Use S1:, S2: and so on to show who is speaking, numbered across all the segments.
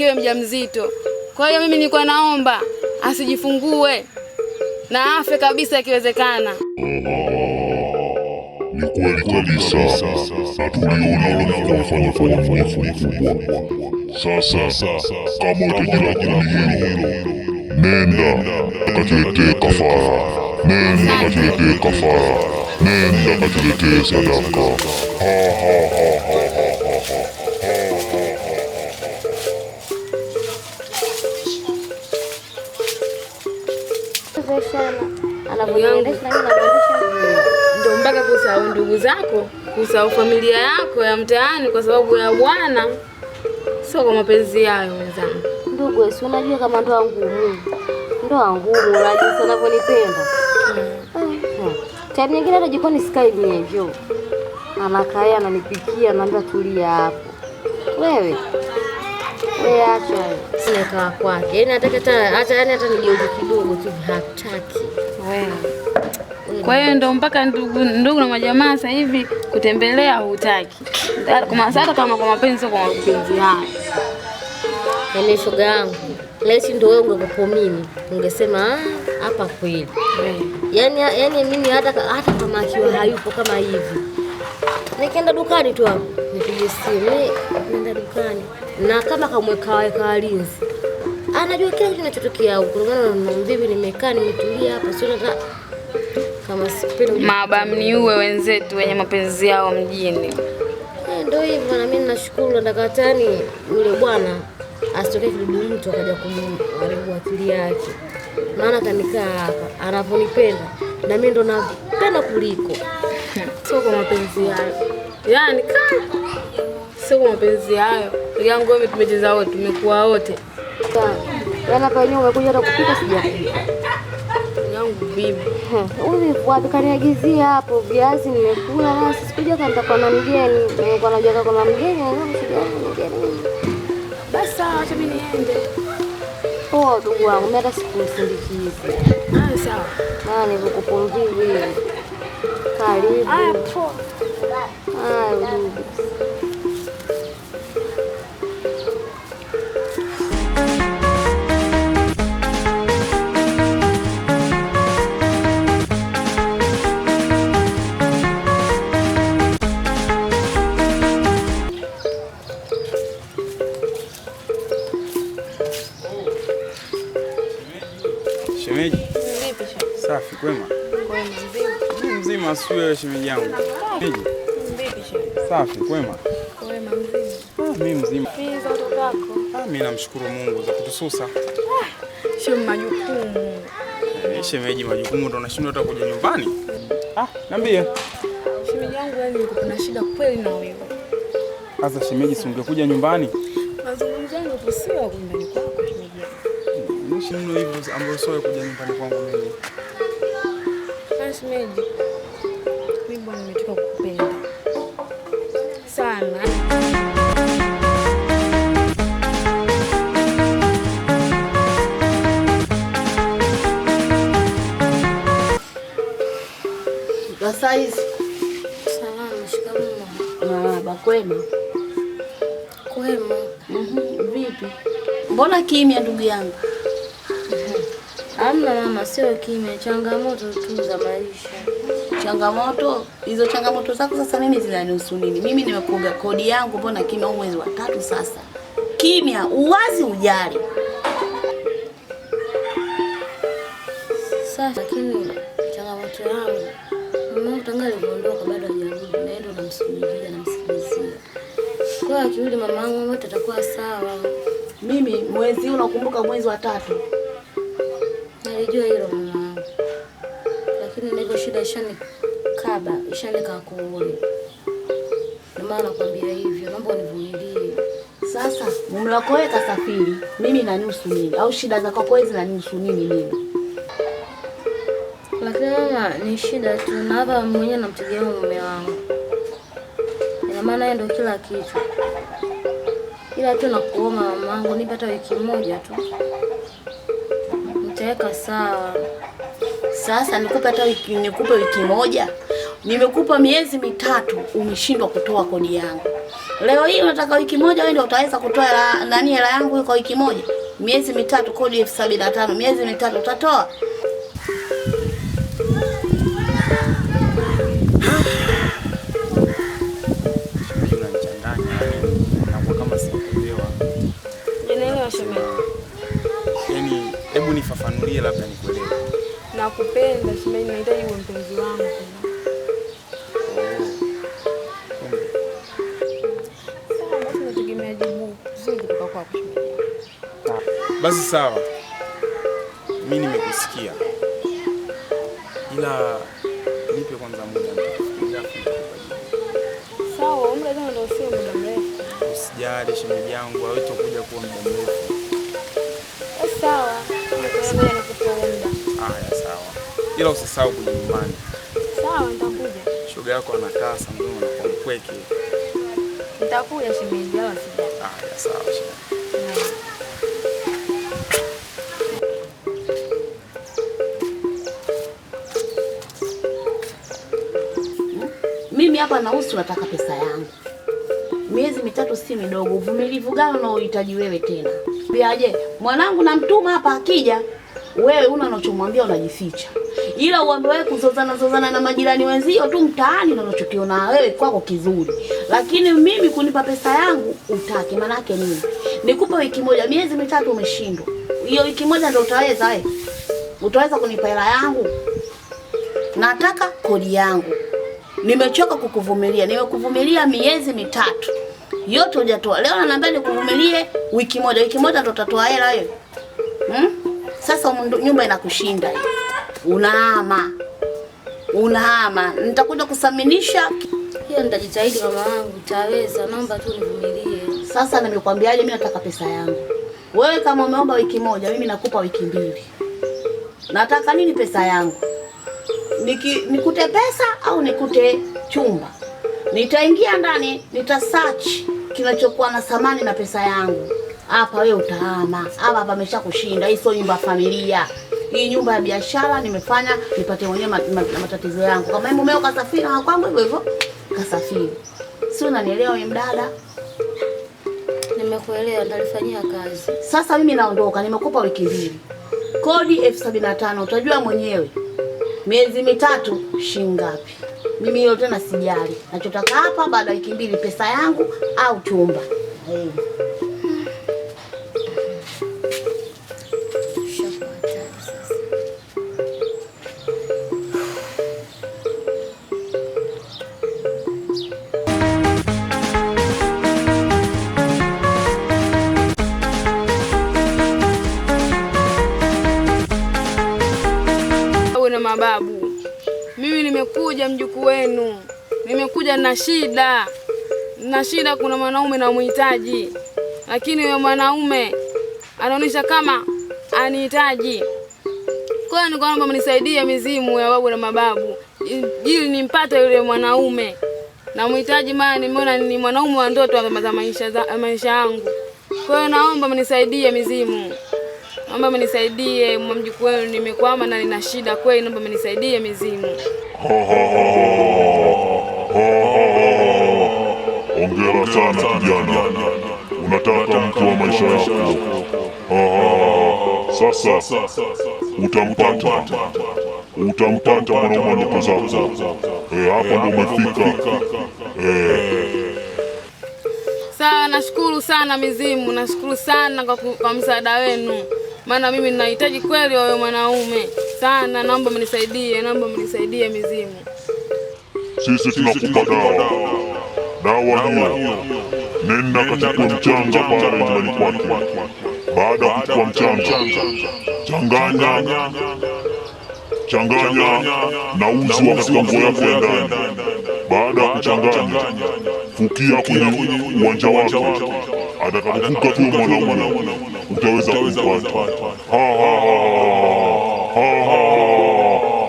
S1: mkewe mjamzito. Kwa hiyo mimi nilikuwa naomba asijifungue na afe kabisa ikiwezekana.
S2: Ni kweli kabisa, na tuliona unafanya udanganyifu mkubwa. Sasa kama utajira hilo, nenda katuletee kafara, nenda katuletee kafara, nenda katuletee sadaka.
S3: anavyoendesha anavyoendesha
S1: ndio mpaka kusahau ndugu zako, kusahau familia yako ya mtaani kwa sababu ya bwana, sio kwa mapenzi yayo. Mwenzangu
S3: ndugu, si unajua kama ndoa ngumu, ndoa ngumu, najisi anavyonipenda tani hmm. hmm. nyingine hata jikoni sikai hivyo, anakaa ananipikia, naambia tulia hapo wewe Sinakaa kwake, yaani hata yaani hata kidogo tu hataki.
S1: Kwa hiyo ndo mpaka ndugu ndugu na majamaa sasa hivi kutembelea hutaki, hata kama kwa mapenzi, kwa mapenzi haya.
S3: Yaani shoga yangu laiti ndo wewe ungekupo mimi ungesema ah, hapa kweli. Yaani yaani mimi hata hata kama akiwa hayupo kama hivi nikienda dukani tu hapo nipige simu, nenda dukani na kama kamweka walinzi anajua kila kitu kinachotokea huko, kulingana na mvivu. Nimekaa nimetulia hapa, sio kama sipendi
S1: ni uwe wenzetu wenye mapenzi yao mjini.
S3: E, ndio hivyo. Na mimi nashukuru, nadakatani yule bwana asitokee kidudu mtu akaja kumharibu akili yake, maana kanikaa hapa anavyonipenda na mimi ndo napenda kuliko,
S1: sio kwa mapenzi yao yani ka sio kwa mapenzi hayo. Yangu wewe tumecheza wote, tumekuwa wote. Sawa.
S3: Yaani Yana kwa nyumba kuja hata kupika sijapika.
S1: Yangu bibi.
S3: Huyu wapi kaniagizia hapo viazi nimekula na sikuja kanta kwa na mgeni. Nilikuwa naja kwa mgeni na mgeni.
S1: Basi sawa, acha mimi niende.
S3: Poa oh, ndugu wangu, mimi hata sikusindikizi.
S1: Ah, sawa.
S3: Na nikukupumzii. Karibu.
S1: Ah, poa.
S3: Ah,
S4: Shemeji,
S5: shemeji?
S4: safi kwema? Kwema mzima, si wewe shemeji yangu? Shemeji? Safi kwema?
S5: Kwema,
S4: Mimi mzima, ah, mimi namshukuru Mungu za kutususa ah, eh,
S5: shemeji. Majukumu
S4: shemeji ndo nashindwa hata kuja nyumbani. Ah, niambie
S5: shemeji yangu, yaani kuna shida kweli na wewe?
S4: Sasa shemeji, si ungekuja nyumbani hivyo ambayo I'm sorry kuja nyumbani kwangu mimi.
S5: Basi Meji, mimi bwana nimetoka kukupenda sana. Saizi salama. Shikamoo
S6: baba. Kwema? Kwema. Mm -hmm. Vipi, mbona kimya ndugu yangu?
S5: Hamna mama, sio kimya, changamoto tu za maisha.
S6: Changamoto hizo, changamoto zako sasa mimi zinanihusu nini? Mimi nimekuga kodi yangu, mbona kimya? Huu mwezi wa tatu sasa, kimya, uwazi, ujali.
S5: Sasa lakini changamoto yangu mama tangu alivyoondoka bado hajarudi, naenda namsubiria, namsikilizia. Kwa akirudi mama yangu wote atakuwa sawa.
S6: Mimi mwezi unakumbuka, nakumbuka mwezi wa tatu
S5: Nalijua hilo mwanangu, lakini niko shida ishanikaba, ishanika kuuli. Ndio maana nakwambia hivyo, naomba univumilie.
S6: Sasa mume wako wewe kasafiri, mimi na nini? Au shida zako kwa hizi na nini mimi?
S5: Lakini mama, ni shida tu, na hapa mwenyewe namtegemea mume wangu, ina maana yeye ndio kila kitu, ila tu nakuomba mamangu, nipata wiki moja tu nimekueleweka sawa.
S6: Sasa nikupe hata wiki, nikupe wiki moja, nimekupa miezi mitatu, umeshindwa kutoa kodi yangu. Leo hii unataka wiki moja, wewe ndio utaweza kutoa hela nani, hela yangu kwa wiki moja? Miezi mitatu, kodi elfu sabini na tano miezi mitatu utatoa?
S4: nitulie, labda nikuelewe.
S5: Nakupenda Shumaini, nahitaji uwe mpenzi wangu.
S4: Basi sawa, mi nimekusikia, ila nipe kwanza muda.
S5: Sawa, muda ndio sio
S4: Usijali shemeji yangu, hawezi kuwa muda mrefu. Sawa ila usisahau kuja nyumbani.
S5: Sawa, nitakuja.
S4: Shoga yako anakaa sana na mkweki.
S5: Nitakuja shemeji, wala usijali.
S4: Ah, sawa shemeji.
S6: Mimi hapa nausi nataka pesa yangu. Miezi mitatu si midogo, uvumilivu gani unaohitaji wewe tena? Biaje, mwanangu namtuma hapa akija, wewe una unachomwambia unajificha ila uambiwe kuzozana zozana na majirani wenzio tu mtaani, ndio unachokiona wewe kwako kizuri, lakini mimi kunipa pesa yangu utaki. Maana yake nini? Nikupe wiki moja, miezi mitatu umeshindwa. Hiyo wiki moja ndio utaweza wewe, utaweza kunipa hela yangu? Nataka kodi yangu. Nimechoka kukuvumilia, nimekuvumilia miezi mitatu yote hujatoa. Leo ananiambia nikuvumilie wiki moja, wiki moja ndio utatoa hela wewe? Hmm? Sasa nyumba inakushinda hii unahama unahama, nitakuja kusaminisha
S5: hiyo. Nitajitahidi mama wangu, taweza, naomba tu nivumilie.
S6: Sasa nimekwambiaje? Mimi nataka pesa yangu. Wewe kama umeomba wiki moja, mimi nakupa wiki mbili. Nataka nini pesa yangu? Niki, nikute pesa au nikute chumba? Nitaingia ndani, nitasearch kinachokuwa na thamani na pesa yangu. Hapa wewe utahama hapa, pamesha kushinda. Hii sio nyumba familia hii nyumba ya biashara nimefanya nipate mwenyewe matatizo yangu. Kama mume wako kasafiri na kwangu hivyo hivyo kasafiri, si unanielewa? mimi mdada,
S5: nimekuelewa, nitalifanyia kazi.
S6: Sasa mimi naondoka, nimekupa wiki mbili, kodi elfu sabini na tano utajua mwenyewe miezi mitatu shingapi. ngapi. Mimi hiyo tena sijali, nachotaka hapa baada ya wiki mbili pesa yangu au chumba hey. Eh.
S1: moja na shida na shida, kuna mwanaume namhitaji, lakini huyo mwanaume anaonyesha kama anihitaji. Kwa hiyo nikaomba mnisaidie, mizimu ya babu na mababu, ili nimpate yule mwanaume namhitaji, maana nimeona ni mwanaume wa ndoto za maisha yangu. Kwa hiyo naomba mnisaidie, mizimu, naomba mnisaidie, mjukuu wenu nimekwama na nina shida kweli, naomba mnisaidie, mizimu.
S2: Oh, hongera sana kijana, unataka mtu wa maisha yako. Ah, sasa utampata, utampata mwanaume wa ndoto zako. Eh, hapa ndo umefika. Eh.
S1: Sawa, nashukuru sana mizimu, nashukuru sana kwa, kwa msaada wenu, maana mimi ninahitaji kweli wawe mwanaume sana. Naomba mnisaidie, naomba mnisaidie mizimu
S2: sisi tunakukataa. Dawa hiyo, nenda kachukue mchanga pale nyumbani kwake. Baada ya kuchukua mchanga, changanya changanya na uzi wa katika nguo yako ya ndani. Baada ya kuchanganya, fukia kwenye uwanja wake. Atakapovuka tu mwanaume, utaweza kumpata.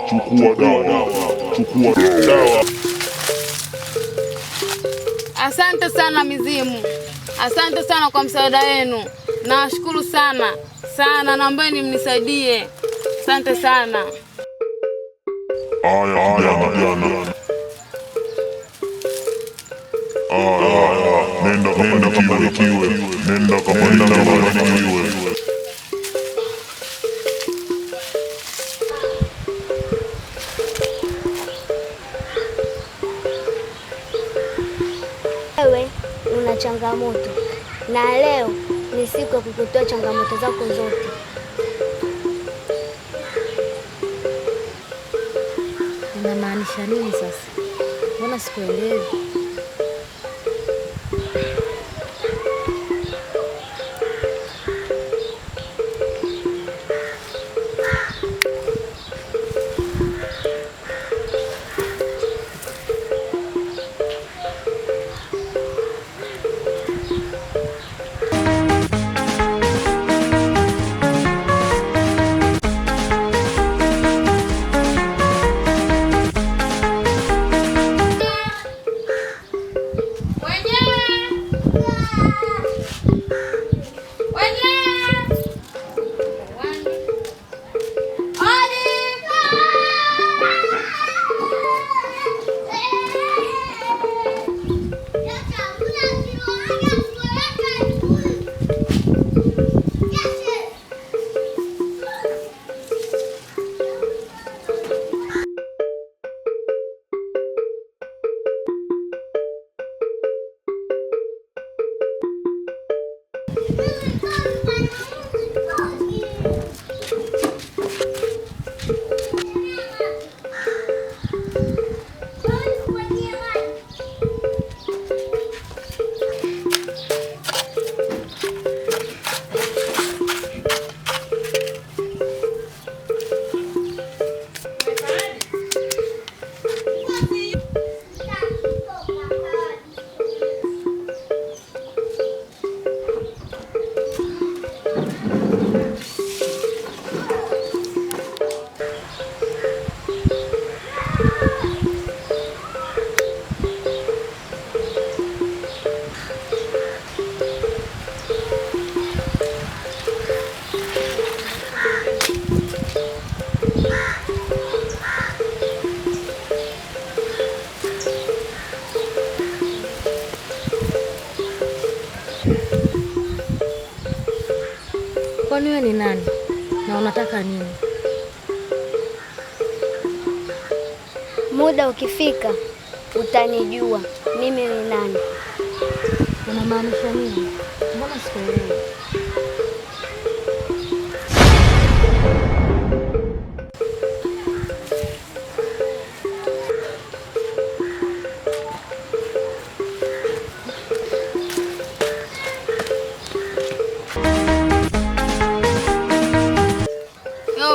S2: Chukua dawa, chukua dawa.
S1: Asante sana mizimu, asante sana kwa msaada wenu, nawashukuru sana sana, naombeni mnisaidie, asante sana.
S2: Aya, aya, aya, nenda kapanda kiwe, nenda kapanda kiwe.
S3: changamoto, na leo ni siku ya kukutoa changamoto zako zote. Unamaanisha nini sasa? Mbona sikuelewi? you utanijua mimi ni nani. Unamaanisha nini? Mbona sikuelewi?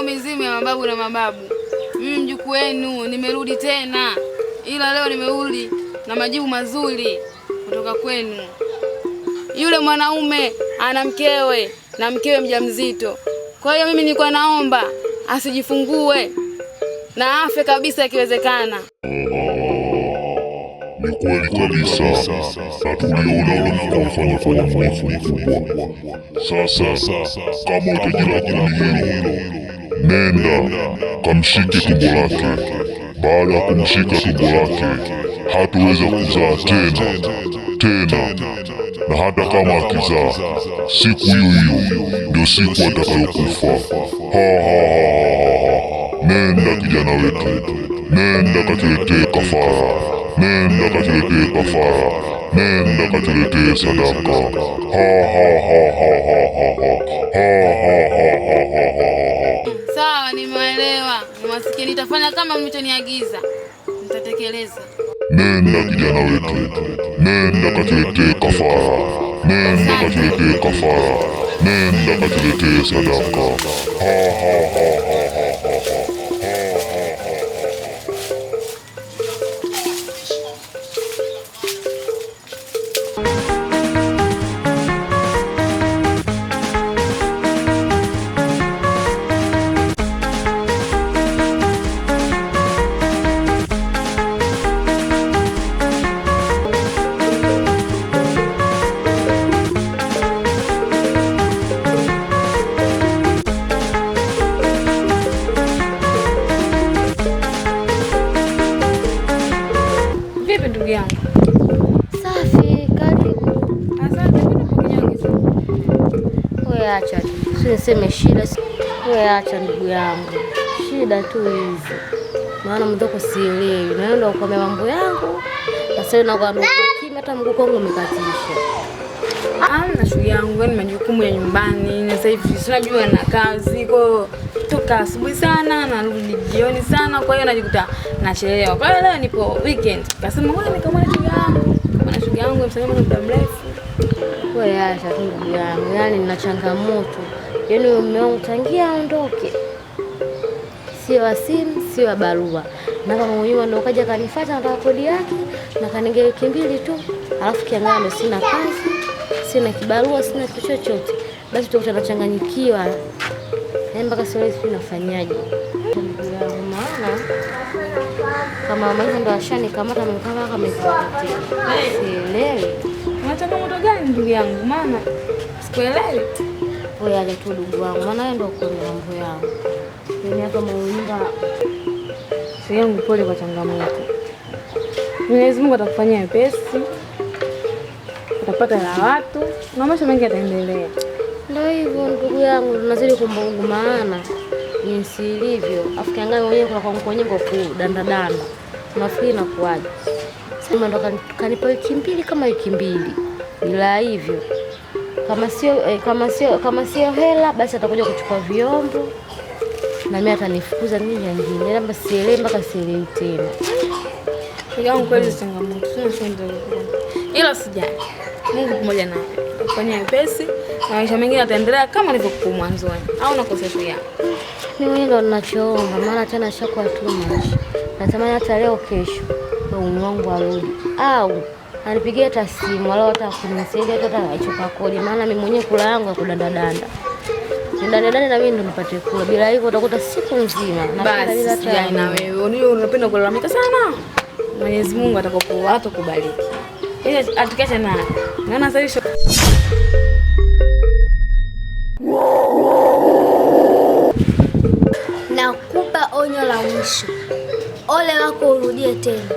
S1: Mizimu ya mababu na mababu, mimi mjukuu wenu nimerudi tena ila leo nimeuli na majibu mazuri kutoka kwenu. Yule mwanaume ana mkewe na mkewe mjamzito, kwa hiyo mimi nilikuwa naomba asijifungue na afe kabisa ikiwezekana.
S2: Ni kweli kabisa, na tuliona unafanya fanya mkubwa. Sasa kama hilo, nenda kamshike tumbo lake baada ya kumshika tumbo lake hataweza kuzaa tena tena, na hata kama akizaa, siku hiyo hiyo ndio siku atakayokufa. Nenda kijana wetu, nenda katuletee kafara, nenda katuletee kafara, nenda katuletee sadaka.
S1: Sawa, nimeelewa nitafanya kama mlichoniagiza, nitatekeleza.
S2: Nenda kijana wetu, nenda katuletee kafara, nenda katuletee kafara, nenda katuletee sadaka. ha ha ha
S1: ndugu yangu.
S3: Safi, karibu. Asante wewe, acha tu siniseme shida. Wewe acha ndugu yangu, shida tu hizi, maana mzoko sielewi, naenda ukwambia mambo yangu nasanakanukima hata mguu wangu umekatisha.
S1: Ana ah, shughuli yangu, ni yaani majukumu ya nyumbani na sasa hivi sinajua na kazi kwao natoka asubuhi sana na rudi jioni sana, kwa hiyo najikuta nachelewa. Kwa hiyo leo nipo weekend, kasema wewe ni kama shuga yangu, kamwona shuga yangu msalimu kwa muda mrefu.
S3: Wewe acha tu ndugu yangu, yani nina changamoto, yani, mume wangu tangia aondoke, sio wa simu, sio barua na kama mwenyewe ndo kaja kanifuata, nataka kodi yake na kanigea wiki mbili tu, alafu kiangano, sina kazi, sina kibarua, sina chochote, basi tutakuta nachanganyikiwa yani mpaka sasa hivi nafanyaje? Maana kama mama hizo ndo ashanikamata kama kamepotea, sielewi
S1: unataka moto gani ndugu yangu, maana sikuelewi.
S3: Oyaja tu ndugu wangu, maana wewe ndo kwenye mambo yangu mimi yaani hapa muumba yangu. Pole kwa changamoto,
S1: Mwenyezi Mungu atakufanyia pesi, utapata la watu na maisha mengi yataendelea
S3: hivyo ndugu yangu, tunazidi kumbugumaana jinsi ilivyo. Afu kiangalia wenyewe kwa kwangu wenyewe kwa kudandadanda, nafikiri nakuaje? Sema ndo kanipa wiki mbili kama wiki mbili, bila hivyo kama sio eh, kama sio kama sio hela basi atakuja kuchukua vyombo na mimi atanifukuza mimi nyingine, labda sielewi mpaka sielewi tena.
S1: Yangu kweli changamoto, ila sijali. Mungu pamoja na fanya pesi na maisha mengine ataendelea kama alivyokuwa mwanzoni, au nakosea?
S3: Mimi ndo ninachoomba, maana tena shakuwa tu maisha. Natamani hata leo kesho mume wangu arudi au anipigie hata simu wala hata kunisaidia hata achopa kodi, maana mimi mwenyewe kula yangu ya kudandadanda ndani na mimi ndo nipate kula. Bila hivyo utakuta siku nzima.
S1: Basi na wewe ndio unapenda kulalamika sana. Mwenyezi Mungu watu atakubariki. Ile atukesha na naona sasa
S3: Nakupa onyo la mwisho. Ole wako urudie tena.